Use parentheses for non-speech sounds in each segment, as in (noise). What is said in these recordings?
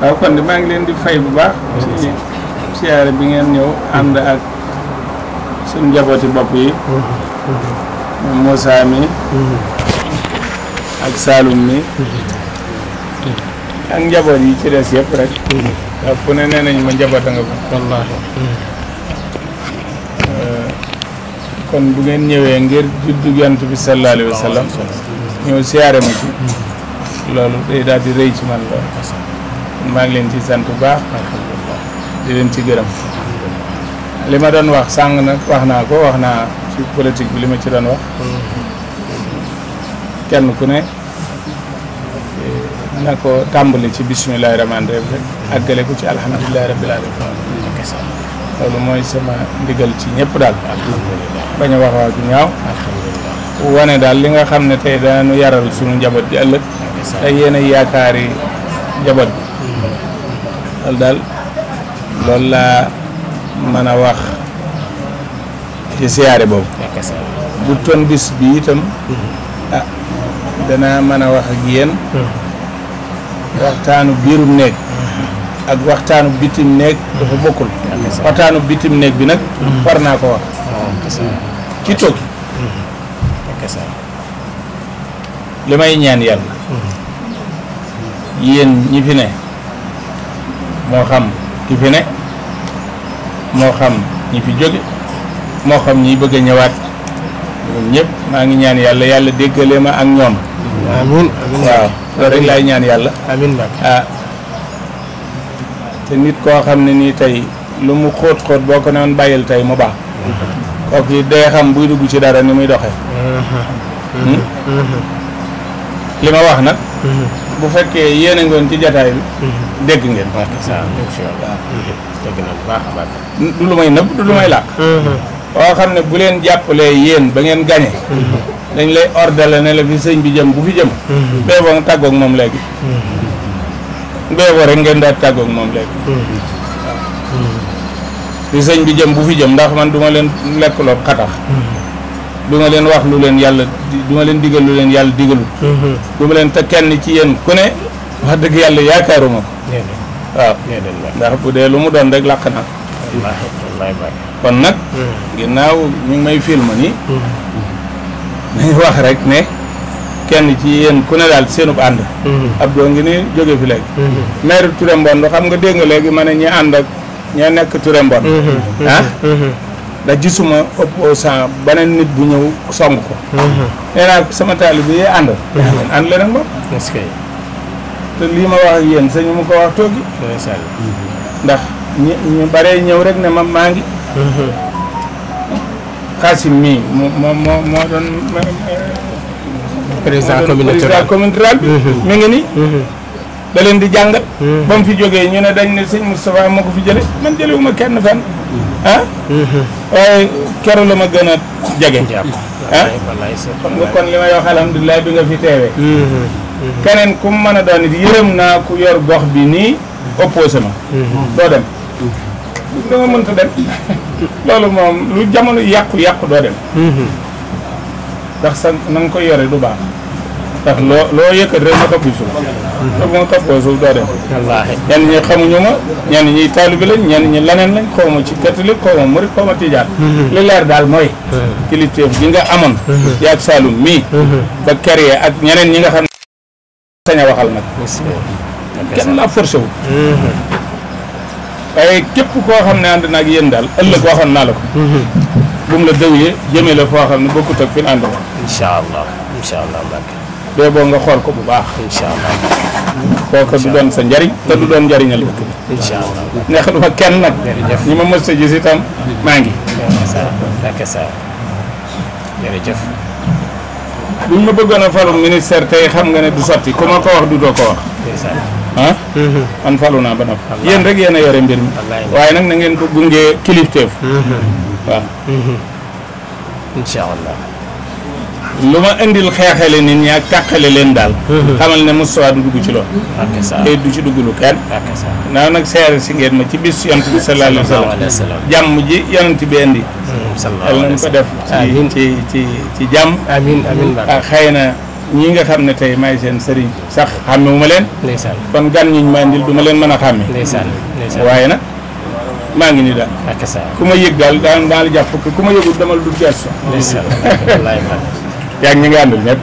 waaw kon de maa ngi leen di fay bu baax ci siyaare bi ngeen ñëw ànd ak suñ njabooti bopp yi Moussa mi ak Saloum mi ak njaboot yi ci des yëpp rek waaw fu ne nee nañ ma njaboota nga ko wallaahi euh, kon bu ngeen ñëwee ngir juddu yonent bi sallallahu alayhi wa sallam ñëw siyaare ma ci loolu day daal di rëy ci man lool maa ngi leen ci sant bu baax di leen ci gërëm li ma doon wax sàng nag wax naa ko wax naa ci politique bi li ma ci doon wax kenn ku ne eh, na ko tàmbali ci bisimilahi rahmaani rahim rek àggale ko ci alhamdulilahi rabbil alamin loolu mooy sama ndigal ci ñépp daal bañ a wax ñaaw wane daal li nga xam ne tey danañu yaral suñu njaboot gi ëllëg te yéen yaakaari njaboot loolu daal loolu laa mën a wax ci siyaare boobu bu ton bis bi itam mm-hmm. ah danaa mën a wax ak yéen mm-hmm. waxtaanu biirum néeg mm-hmm. ak waxtaanu bitim néeg dafa bokkul waxtaanu bitim néeg bi nag war naa ko wax oh, ki toog li may ñaan yàlla yéen ñi fi ne moo xam ki fi ne moo xam ñi fi jóge moo xam ñi bëgg a ñëwaat ñoom ñëpp maa ngi ñaan yàlla yàlla déggale ma ak ñoom. amiin waaw loolu rek ñaan yàlla. Ah. te nit koo xam ne nii tey lu mu xóot xóot boo ko naan bàyyil tey mu baax. kooku it day xam buy dugg ci dara ni muy doxe uh-huh. hmm? uh-huh. uh-huh. li ma wax nag. bu fekkee yéen a ngoon ci jataay bi. Mhm. dégg ngeen baax na saa du lu may nëbb du lu may làkk. boo mhm. xam ne bu leen jàppalee yéen ba ngeen gañe mhm. dañ lay ordale ne la fi sëñ bi jëm bu fi jëm. bee boo nga tàggoog moom léegi. bee ngeen daal tàggoog moom léegi. waaw fi sëñ bi jëm bu fi jëm ndax man du ma leen lekkloo xatax. du ma leen wax lu leen yàlla du leen digal leen yàlla digalu mm-hmm. du ma leen te kenn ci yéen ku ne wax dëgg yàlla yaakaaruma ko waaw ndax bu dee lu mu doon rek làq naa ko kon nag mm-hmm. ginnaaw ñu ngi may film ni nañu mm-hmm. wax rek ne kenn ci yéen ku ne daal seenub ànd ab doo ngi ni jóge fi léegi maire Touré xam nga dégg nga léegi ma ne ñi ànd ak ña nekk Touré Mbon ah? da gisuma sa banen nit bu ñew song ko mhm. era sama talib yi and and mhm. ànd nak mo eskay te li ma wax yeen yéen sañu mu ko wax toogi ndax ñu bare ñew rek ne ma maa ngi mhm. mi mo mo mo don président communautaire mi ngi ni da len di jàngal bam fi joge ñu ne dañ ne sëñ Moustapha moo fi jele man jëlewuma kenn fan ah waaye keroog la ma gën a jege. ah xam nga kon li may wax alhamdulilah bi nga fi teewee. Mm-hmm. Mm-hmm. keneen ku mën a doon it yërëm naa ku yor gox bi nii opposé ma. Mm-hmm. doo dem. da mënta dem (laughs) loolu moom lu jamono yàqu-yàqu doo dem. ndax sa na ko yore du baax. ndax loo loo yëkkat rek ma topp ci daf leen xaf koy suuf doo dem wallaahi ñi xamuñu ma ñenn ñi taalibe lañ ñenn ñi laneen lañ xaw ci catholique xaw ma murit xaw ma tijaan mhm. daal mooy mhm. kilifteef gi nga amoon mhm. yaag Saloum mii ba créé ak ñeneen ñi nga xam ne sañ a waxal nag kenn la forcé waaye képp koo xam ne ànd naag yéen daal ëllëg waxoon naa la ko bu mu la dëwyee jëmee la foo xam ne bokkut ak fi ànd woon incha allah incha allah bee boo nga xool ko bu baax incha allah kooku du doon sa njariñ te du doon njariñal dëkk bi incha allah neexal ma kenn nag ñi ma mës a gis itam maa ngi jërëjëf buñ ma bëggoon a falu ministère tey xam nga ne du sotti ku ma ko wax du doo ko wax ah mhm. falu naa ba nopp yéen rek yéen a yore mbir mi waaye nag na ngeen ko gungee kilifteef mhm. waaw mhm. lu ma indil xeexale nit ñi ak tàqale leen daal mhm. xamal ne Moustapha du dugg ci loolu te du ci dugg lu kenn naa nag seere si ngeen ma ci bis yonent bi sallallahu alayhi wa sallam jàmm ji yonent bi indi mm, yàlla nañ ko def ci ci ci jàmm amiin amiin ah, xëy na ñi nga xam ne tey maay seen sëriñ sax xàmmewu ma leen kon gan ñiñ ma indil du ma leen mën a xàmme waaye nag maa ngi nii daal ku ma yëg daal daal daal jàpp ku ma yëgul dama la du gees yaa ngi ñu ngi àndal ñëpp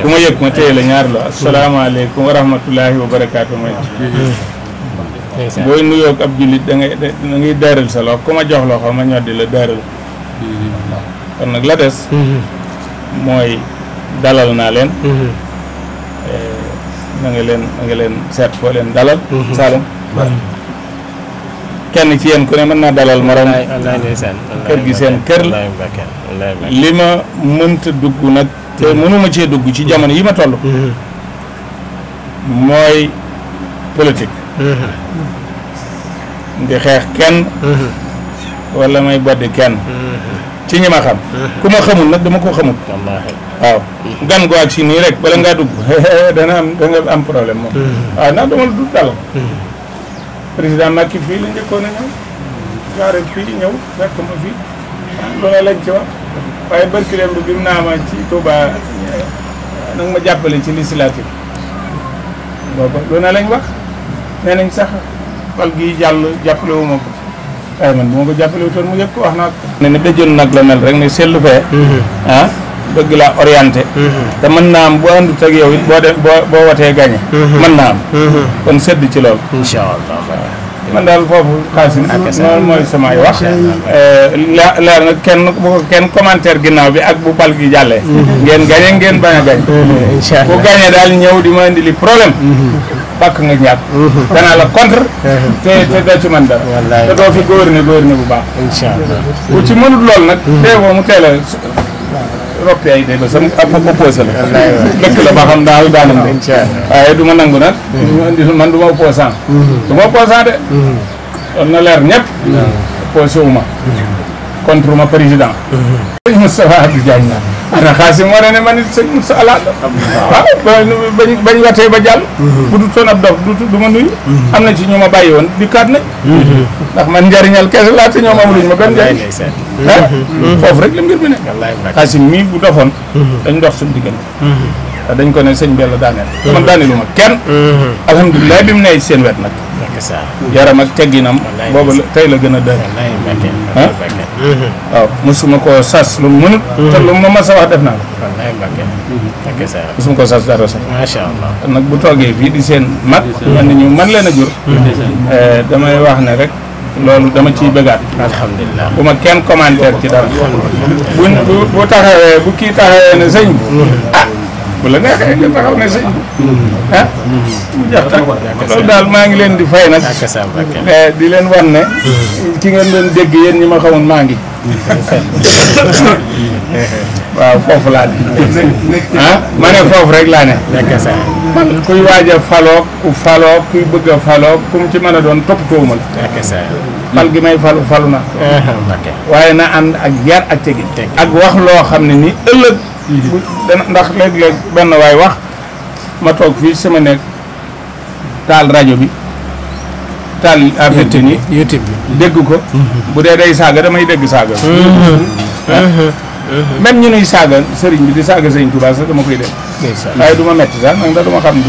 ku ma yëg ma téye la ñaar la asalaamaaleykum wa rahmatullahi wa barakaatu ma booy nuyoog ab jullit da ngay ngay daaral sa loxo ku jox loxo ma ñoddi la daaral kon nag la des mooy dalal naa leen eh, na nga leen nga leen seet foo leen dalal mhm. salam. kenn ci yéen ku ne mën naa dalal morom kër gi seen kër la li ma mënta dugg nag te mënuma cee dugg ci jamono yi ma toll mm-hmm. mooy politique mm-hmm. di xeex kenn mm-hmm. wala may boddi kenn ci ñi ma xam ku ma xamul nag dama ko xamul waaw gan gu ak si nii rek bala ngaa dugg (laughs) dana am da am problème moom waaw ndax dama la du président Macky fii la njëkkoon a ñëw gaaral fii ñëw fekk ma fii loola lañ ci wax waaye barki dem bi mu naa ma ci Touba nag ma jàppale ci législative booba loola lañ wax nee nañ sax fal gi jàll jàppale wu ma ko waaye man bu ma ko jàppale wutoon mu yëg ko wax naa ko. ne ni béjjën nag la mel rek ne seetlu fee ah bëgg laa orienté mhm. te mën naa am bu buat ak yow it boo dem boo watee gagné mhm. mën naa am mhm. kon sedd ci loolu incha allah man daal foofu xaasin noonu mooy samay wax eh, la leer kenn bu kenn commentaire ginnaaw bi ak bu bal gi jàllee ngeen gagné ngeen bañ a gagné bu gagné dal ñëw di ma indi li problème bàkk nga ñàkk danaa la contre te te doo ci te do fi góor ne bu baax bu ci mënut loolu nag dee boo mu roppi ay déggoo a ab opposé la. dëkk la ba xam daaw daanam de. incha allah waaye du ma nangu nag. ñu indi man du ma opposant. du de. kon na leer ñëpp. opposé wu ma. contre ma président. Mm-hmm. Moustapha Abdou xanaa xaalis yi moo ne ne man it sëñ sa alaat waaw bañ bañ watee ba jàll mhm. bu du toon dof du ma nuyu mhm. am na ci ñu ma bàyyi woon di kaat nañ mhm. ndax man njariñal kese laa te ñoom amuluñ ma benn njariñ ah, foofu rek la mbir bi ne xaalis mii bu doxoon dañ dox suñu diggante dañ ko ne sëñ Bello daaneel man daaneelu ma kenn alhamdulilah bi mu ne seen wet nag yaram ak tegginam booba tey la gën a dër ah mhm. waaw mosuma koo sas lu mu mënut mhm. te lu ma mas a wax def naa ko mosuma mhm. koo sas dara sax macha allah nag bu toogee fii di seen mag man ñu man leen a jur eh, damay wax ne rek loolu dama ciy bëggaat alhamdulilah bu ma kenn commentaire ci dara bu bu taxawee bu kii taxawee ne sëñ ah wala neexee taxaw ne sëñ ah mu jax tak dal daal ngi leen di fay nag eh, di leen wan ki ngeen doon dégg yéen ñi ma ngi waaw foofu laa ne ah man kuy waaj eh, a ku kuy bëgg a kum ci mën a doon toppatoowuma la fal gi may falu falu waaye na ànd ak yar ak tegin ak wax loo xam ni ndax léeg-léeg benn waay wax ma toog fii sama nekk taal rajo bi taal affaire yi YouTube bi dégg ko mm-hmm. bu dee day saaga damay dégg saaga mm-hmm. Mm-hmm. même ñu nuy saaga sëriñ bi di saaga sëriñ Tuubaa sax dama waaye du ma metti sax nag ndax duma xam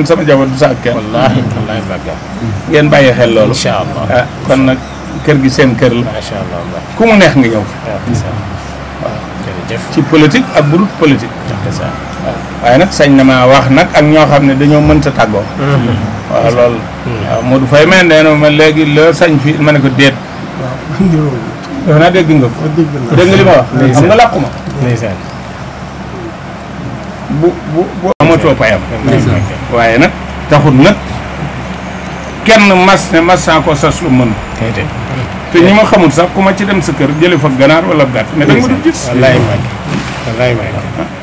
du sama jabar du saaga kenn wallaahi wallaahi ngeen xel loolu incha ah, kon nag kër gi seen kër la ku neex nga ñëw ci politique ak budut politique. waaye nag sañ na ma wax nag ak ñoo xam ne dañoo mënta tàggoo. Mm-hmm. waaw loolu. Mm-hmm. waaw Modou Faye mel ne na ma léegi la sañ fi ma ne ko déet. waaw naa dégg nga ko. dégg nga li ma wax. xam nga làqu ma. bu bu bu amatoo payam. waaye nag taxut nag kenn mas ne mas naa ko sas lu mën. te ñi ma xamul sax ku ma ci dem sa kër jële fa ganaar wala gàtt mais danga ma dul gis hmm.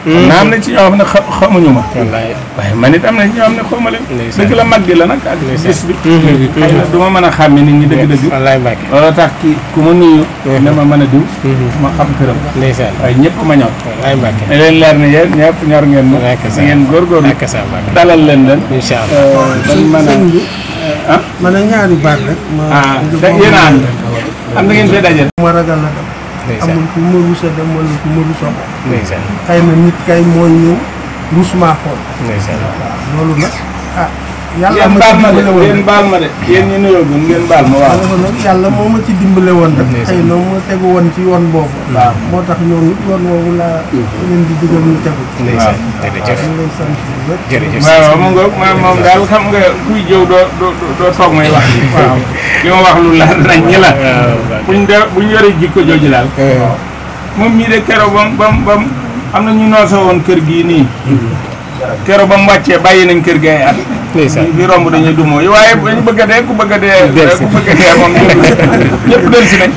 hmm. na am na ci ñoo xam ne xamuñu ma wallaay waaye man it am na ci ñoo xam ne xawma leen dëgg la mag gi la nag ak gis hmm. ma mën a xàmme nit ñi dëgg dëgg wallaay Mbacké wala tax ki ku ma nuyu ne ma mën a diw ma xam këram ndeysaan waaye ñëpp ma ñor wallaay Mbacké ne leen leer ne yéen ñëpp ñor ngeen ma ngeen góorgóorlu dalal leen leen inchaallah euh, ban mën a ah mën a ñaari baat rek ma ah, yéen am na ngeen fee dajeel. ma ragal la dem. amul ku ma rusa dem wala ku ma rusa ko. xëy na nit kay mooy ñëw rus maa xool. loolu nag ah. yàlla ma baal ma de yéen ñu nuyoo gun ngeen baal ma waaw yàlla moo ma ci dimbale woon rek ay noo ma tegu woon ci yoon boobu waaw moo tax ñoom it yoon woowu laa leen di digal ñu tegu waaw jërëjëf moom daal xam nga kuy jëw doo doo doo toog may wax (laughs) waaw li ma wax lu la nañ ñi la buñ de buñ yoree jikko jooju daal eh. moom mii de keroog bam bam bam am na ñu noose woon kër gii nii mm-hmm. keroog ba mu wàccee bàyyi nañ kër gi ay yi romb dañuy dumoo yi waaye dañu bëgg a dee ku bëgg a dee ku bëgg a dee moom ñëpp del si nañ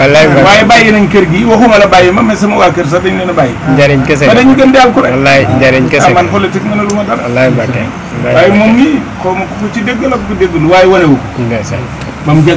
waaye bàyyi nañ kër gi waxuma la bàyyi ma mais sama waa kër sax dañ leen a bàyyi njariñ kese dañu gën di ko rek wallaay njariñ kese ah, man politique mën a lu ma dara wallaay Mbàkke waaye moom nii xaw ma ku ko ci dégg la ku ko déggul waaye wane wu ko